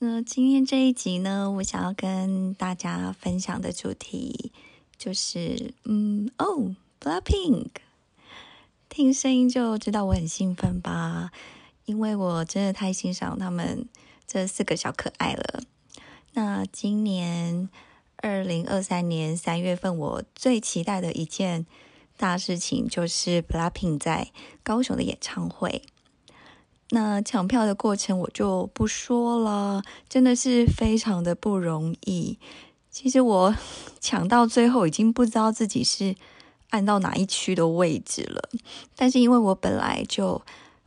那、呃、今天這一集呢，我想要跟大家分享的主題就是，嗯，哦 BLACKPINK 聽聲音就知道我很興奮吧，因為我真的太欣賞他們這四個小可愛了。那今年二零二三年三月份，我最期待的一件大事情就是 BLACKPINK 在高雄的演唱會。那搶票的過程我就不說了，真的是非常的不容易。其實我搶到最後已經不知道自己是按到哪一區的位置了。但是因為我本來就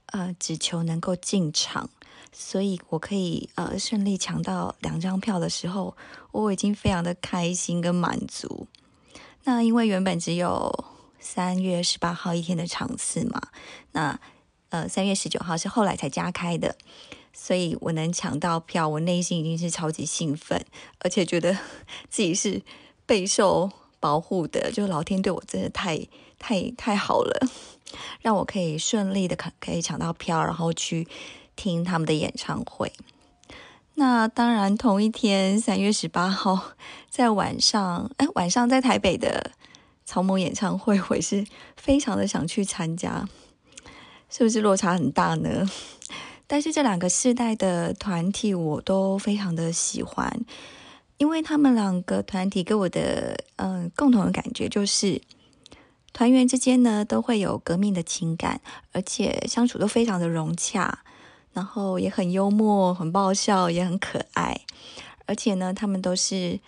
呃只求能夠進場，所以我可以呃順利搶到兩張票的時候，我已經非常的開心跟滿足。那因為原本只有三月十八號一天的場次嘛，那。呃，三月十九號是後來才加開的，所以我能搶到票，我內心已經是超級興奮，而且覺得自己是備受保護的，就是老天對我真的太太太好了，讓我可以順利的可可以搶到票，然後去聽他們的演唱會。那當然，同一天三月十八號在晚上，哎，晚上在台北的草蜢演唱會，我也是非常的想去參加。是不是落差很大呢？但是這兩個世代的團體我都非常的喜歡，因為他們兩個團體給我的嗯、呃、共同的感覺就是，團員之間呢都會有革命的情感，而且相處都非常的融洽，然後也很幽默、很爆笑、也很可愛，而且呢，他們都是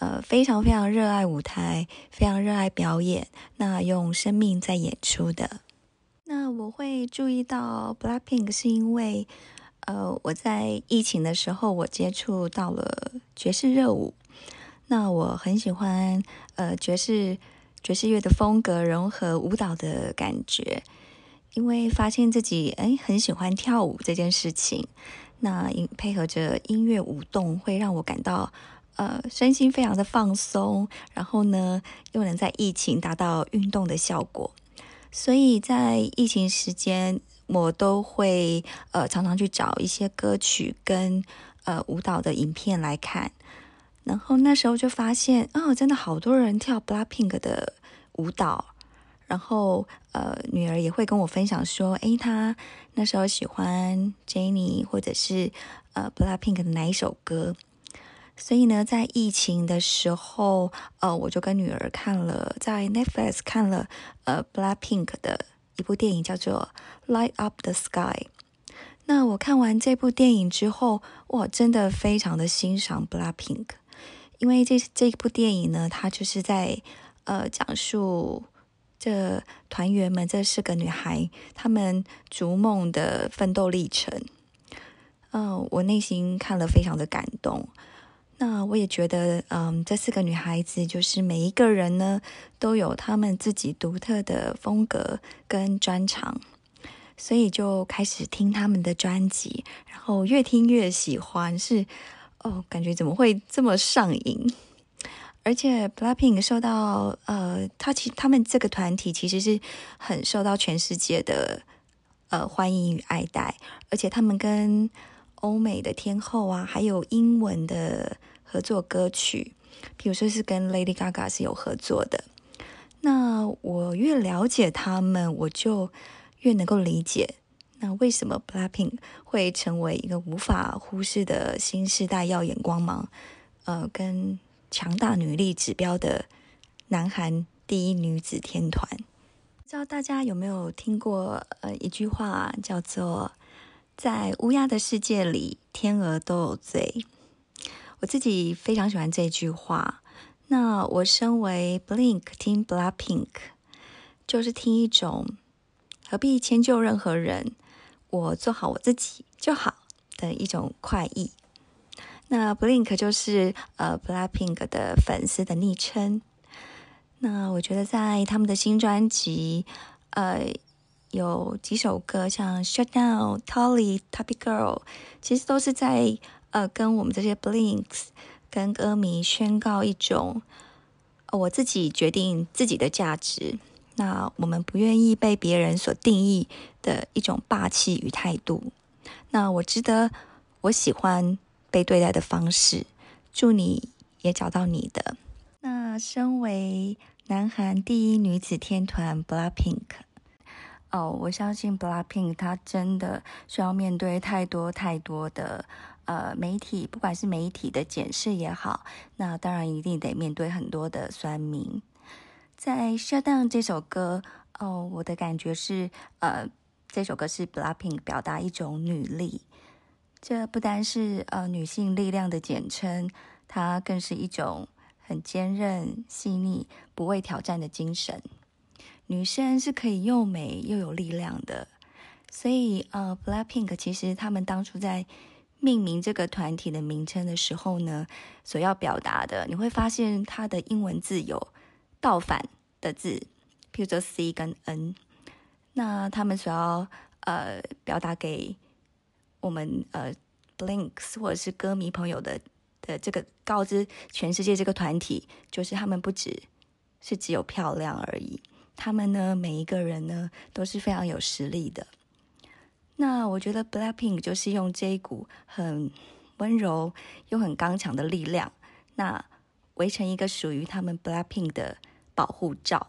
呃非常非常熱愛舞台、非常熱愛表演，那用生命在演出的。那我會注意到 BLACKPINK 是因為，呃，我在疫情的時候我接觸到了爵士熱舞，那我很喜歡呃爵士爵士樂的風格融合舞蹈的感覺，因為發現自己哎很喜歡跳舞這件事情，那配合着音樂舞動會讓我感到呃身心非常的放鬆，然後呢又能在疫情達到運動的效果。所以在疫情時間，我都會呃常常去找一些歌曲跟呃舞蹈的影片來看，然後那時候就發現，哦，真的好多人跳 BLACKPINK 的舞蹈，然後呃女兒也會跟我分享說，誒，她那時候喜歡 JENNIE 或者是呃 BLACKPINK 的哪一首歌。所以呢，在疫情的時候，呃，我就跟女兒看了在 Netflix 看了呃 BLACKPINK 的一部電影，叫做《Light Up the Sky》。那我看完這部電影之後，哇，真的非常的欣賞 BLACKPINK，因為這這部電影呢，它就是在呃講述這團員們這四個女孩她們逐夢的奮鬥歷程。嗯、呃，我內心看了非常的感動。那我也覺得，嗯，這四個女孩子就是每一個人呢，都有她們自己獨特的風格跟專長，所以就開始聽他們的專輯，然後越聽越喜歡，是哦，感覺怎麼會這麼上癮？而且 BLACKPINK 受到呃，她其實他們這個團體其實是很受到全世界的呃歡迎與愛戴，而且他們跟。歐美的天後啊，還有英文的合作歌曲，比如說是跟 Lady Gaga 是有合作的。那我越了解他們，我就越能夠理解，那為什麼 BLACKPINK 會成為一個無法忽視的新世代耀眼光芒，呃，跟強大女力指標的南韓第一女子天團？不知道大家有沒有聽過呃一句話啊，叫做，在烏鴉的世界裡，天鵝都有罪。我自己非常喜歡這句話。那我身為 Blink 聽 BLACKPINK，就是聽一種何必遷就任何人，我做好我自己就好的一種快意。那 Blink 就是呃 BLACKPINK 的粉絲的昵稱。那我覺得在他們的新專輯，呃。有幾首歌，像《Shut Down》、《Tally》、《Typa Girl》，其實都是在呃跟我們這些 BLINKs 跟歌迷宣告一種、呃、我自己決定自己的價值，那我們不願意被別人所定義的一種霸氣與態度。那我值得，我喜歡被對待的方式。祝你也找到你的。那身為南韓第一女子天團 BLACKPINK。哦，oh, 我相信 BLACKPINK，他真的需要面對太多太多的呃媒體，不管是媒體的檢視也好，那當然一定得面對很多的酸民。在 Shut Down 這首歌，哦，我的感覺是，呃，這首歌是 BLACKPINK 表達一種女力，這不單是呃女性力量的簡稱，它更是一種很堅韌、細膩、不畏挑戰的精神。女生是可以又美又有力量的，所以呃、uh，BLACKPINK 其實他們當初在命名這個團體的名稱的時候呢，所要表達的，你會發現它的英文字有倒反的字，比如說 C 跟 N。那他們所要呃、uh, 表達給我們呃、uh, BLINKS 或者是歌迷朋友的的這個告知全世界這個團體，就是他們不只是只有漂亮而已。他們呢，每一個人呢都是非常有實力的。那我覺得 Blackpink 就是用這一股很溫柔又很剛強的力量，那圍成一個屬於他們 Blackpink 的保護罩，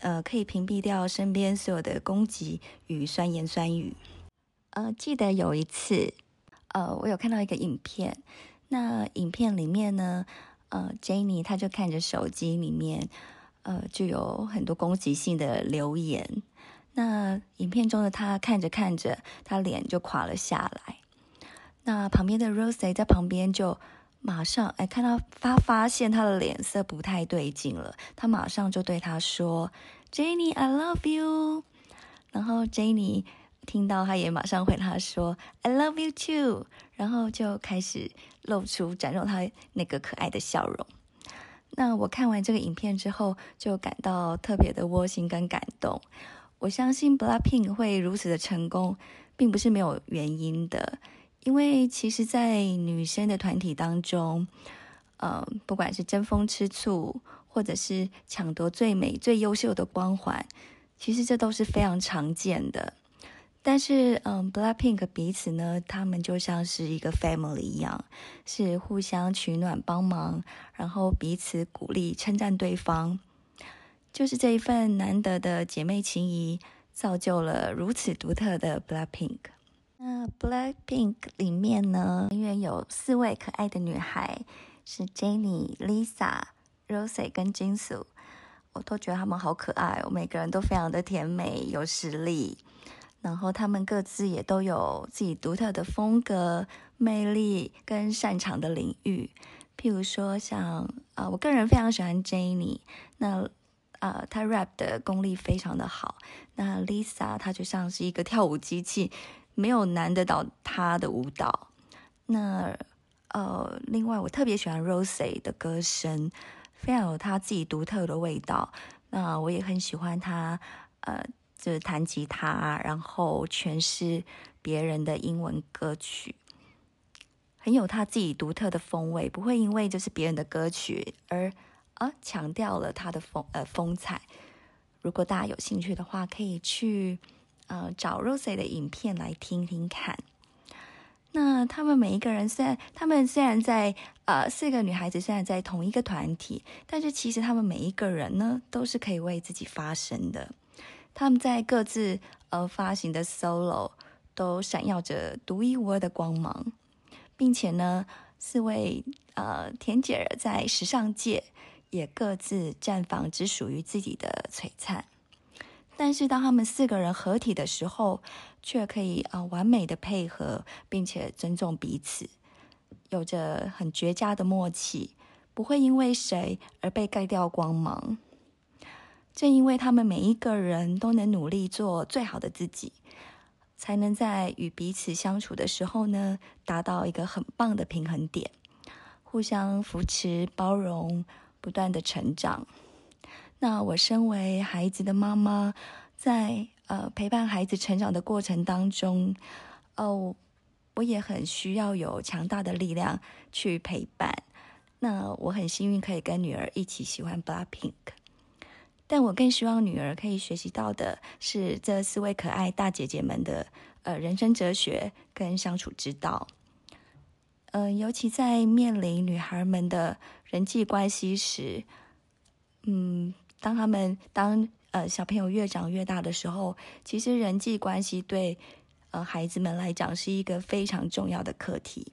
呃，可以屏蔽掉身邊所有的攻擊與酸言酸語。呃，記得有一次，呃，我有看到一個影片，那影片裡面呢，呃，Jennie 她就看着手機裡面。呃，就有很多攻擊性的留言。那影片中的他看着看着，他臉就垮了下來。那旁邊的 Rosé 在旁邊就馬上哎、欸、看到發發現他的臉色不太對勁了，他馬上就對他說：“Jennie，I love you。”然後 Jennie 聽到他也馬上回他說：“I love you too。”然後就開始露出展露他那個可愛的笑容。那我看完這個影片之後，就感到特別的窩心跟感動。我相信 BLACKPINK 會如此的成功，並不是沒有原因的，因為其實，在女生的團體當中，呃，不管是爭風吃醋，或者是搶奪最美最優秀的光環，其實這都是非常常見的。但是，嗯，Black Pink 彼此呢，她們就像是一個 family 一樣，是互相取暖、幫忙，然後彼此鼓勵、稱讚對方。就是這一份難得的姐妹情誼，造就了如此獨特的 Black Pink。那 Black Pink 裡面呢，永遠有四位可愛的女孩，是 Jennie、Lisa、Rosie 跟 Jisoo，我都覺得她們好可愛哦，每個人都非常的甜美，有實力。然後他們各自也都有自己獨特的風格、魅力跟擅長的領域。譬如說像，像、呃、啊，我個人非常喜歡 Jennie，那啊、呃，她 rap 的功力非常的好。那 Lisa 她就像是一個跳舞機器，沒有難得倒她的舞蹈。那呃，另外我特別喜歡 Rosé 的歌聲，非常有她自己獨特的味道。那、呃、我也很喜歡她，呃。就是彈吉他，然後詮釋別人的英文歌曲，很有他自己獨特的風味，不會因為就是別人的歌曲而，啊強調了他的風、呃風采。如果大家有興趣的話，可以去呃找 Rosé 的影片來聽聽看。那他們每一個人，雖然他們雖然在呃四個女孩子雖然在同一個團體，但是其實他們每一個人呢，都是可以為自己發聲的。他們在各自呃發行的 solo 都閃耀着獨一無二的光芒，並且呢，四位呃甜姐兒在時尚界也各自綻放只屬於自己的璀璨。但是當他們四個人合體的時候，卻可以啊、呃、完美的配合，並且尊重彼此，有着很絕佳的默契，不會因為誰而被蓋掉光芒。正因為他們每一個人都能努力做最好的自己，才能在與彼此相處的時候呢，達到一個很棒的平衡點，互相扶持、包容、不斷的成長。那我身為孩子的媽媽，在呃陪伴孩子成長的過程當中，哦，我也很需要有強大的力量去陪伴。那我很幸運可以跟女兒一起喜歡 BLACKPINK。但我更希望女兒可以學習到的是這四位可愛大姐姐們的呃人生哲學跟相處之道。嗯、呃，尤其在面臨女孩們的人際關係時，嗯，當他們當呃小朋友越長越大的時候，其實人際關係對呃孩子們來講是一個非常重要的課題。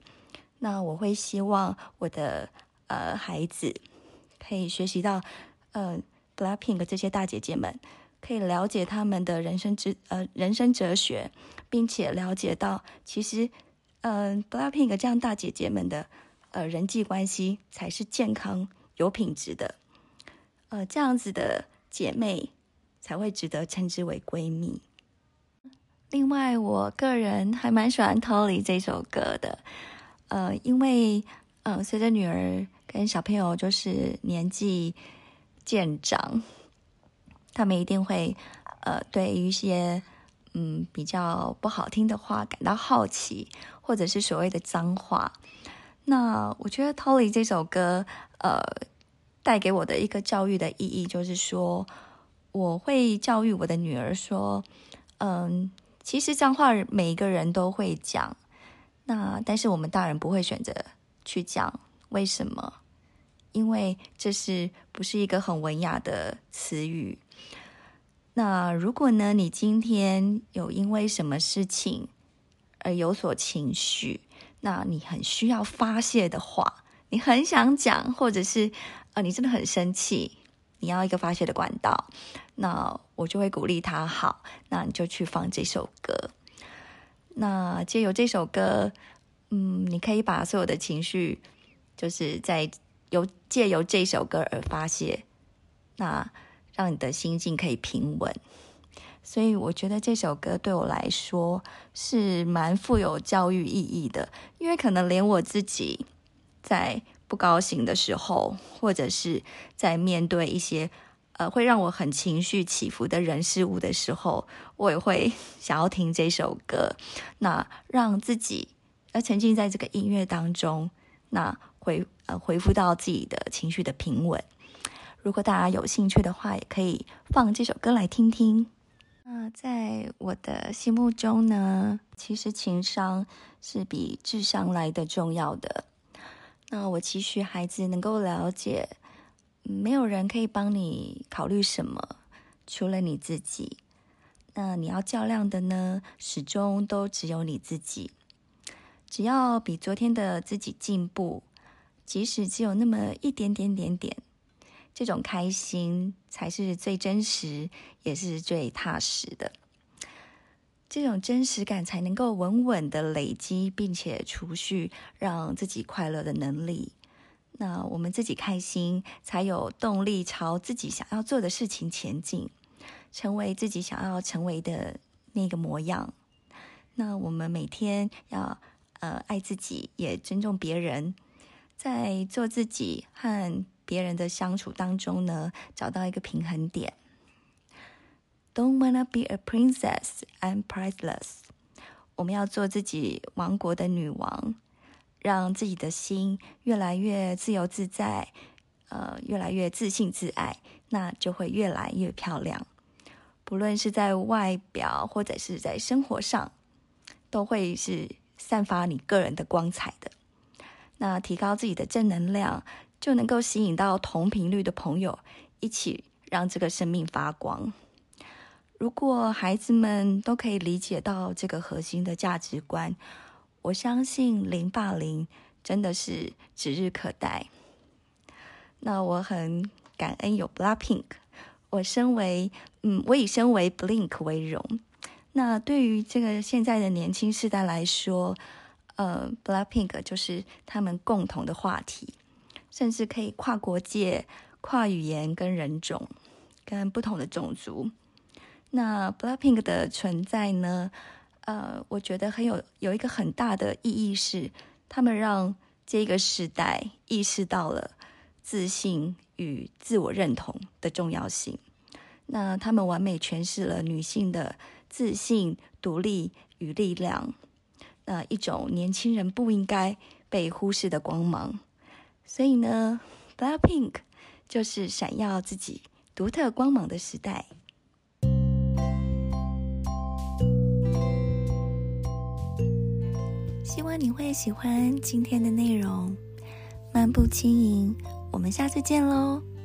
那我會希望我的呃孩子可以學習到，嗯、呃。BLACKPINK 的這些大姐姐們，可以了解他們的人生哲呃人生哲學，並且了解到其實，嗯、呃、BLACKPINK 的這樣大姐姐們的呃人際關係才是健康有品質的，呃這樣子的姐妹才會值得稱之為閨蜜。另外，我個人還蠻喜歡《Tally》這首歌的，呃，因為呃隨着女兒跟小朋友就是年紀。艦長，他們一定會呃對於一些嗯比較不好聽的話感到好奇，或者是所謂的髒話。那我覺得《Tally》這首歌呃帶給我的一個教育的意義就是說，我會教育我的女兒說，嗯，其實髒話每一個人都會講，那但是我們大人不會選擇去講，為什麼？因為這是不是一個很文雅的詞語？那如果呢？你今天有因為什麼事情而有所情緒？那你很需要發洩的話，你很想講，或者是、呃、你真的很生氣，你要一個發洩的管道？那我就會鼓勵他，好，那你就去放這首歌。那借由這首歌，嗯，你可以把所有的情緒，就是在。由借由這首歌而發洩，那讓你的心境可以平穩。所以我覺得這首歌對我來說是蠻富有教育意義的，因為可能連我自己在不高興的時候，或者是在面對一些呃會讓我很情緒起伏的人事物的時候，我也會想要聽這首歌，那讓自己呃沉浸在這個音樂當中，那。回呃、回復到自己的情緒的平穩。如果大家有興趣的話，也可以放這首歌來聽聽。那在我的心目中呢，其實情商是比智商來的重要的。那我期許孩子能夠了解，沒有人可以幫你考慮什麼，除了你自己。那你要較量的呢，始終都只有你自己。只要比昨天的自己進步。即使只有那麼一點點點點，這種開心才是最真實，也是最踏實的。這種真實感才能夠穩穩的累積，並且儲蓄讓自己快樂的能力。那我們自己開心，才有動力朝自己想要做的事情前進，成為自己想要成為的那個模樣。那我們每天要，呃，愛自己，也尊重別人。在做自己和別人的相處當中呢，找到一個平衡點。Don't wanna be a princess, I'm priceless。我們要做自己王國的女王，讓自己的心越來越自由自在，呃，越來越自信自愛，那就會越來越漂亮。不論是在外表或者是在生活上，都會是散發你個人的光彩的。那提高自己的正能量，就能夠吸引到同頻率的朋友，一起讓這個生命發光。如果孩子們都可以理解到這個核心的價值觀，我相信零霸凌真的是指日可待。那我很感恩有 BLACKPINK，我身為嗯，我以身為 BLINK 為榮。那對於這個現在的年輕世代來說，呃，BLACKPINK 就是他們共同的話題，甚至可以跨國界、跨語言跟人種，跟不同的種族。那 BLACKPINK 的存在呢，呃，我覺得很有有一個很大的意義是，他們讓這個時代意識到了自信與自我認同的重要性。那他們完美詮釋了女性的自信、獨立與力量。呃，一種年輕人不應該被忽視的光芒。所以呢，BLACKPINK 就是閃耀自己獨特光芒的時代。希望你會喜歡今天的內容，漫步輕盈。我們下次見嘍！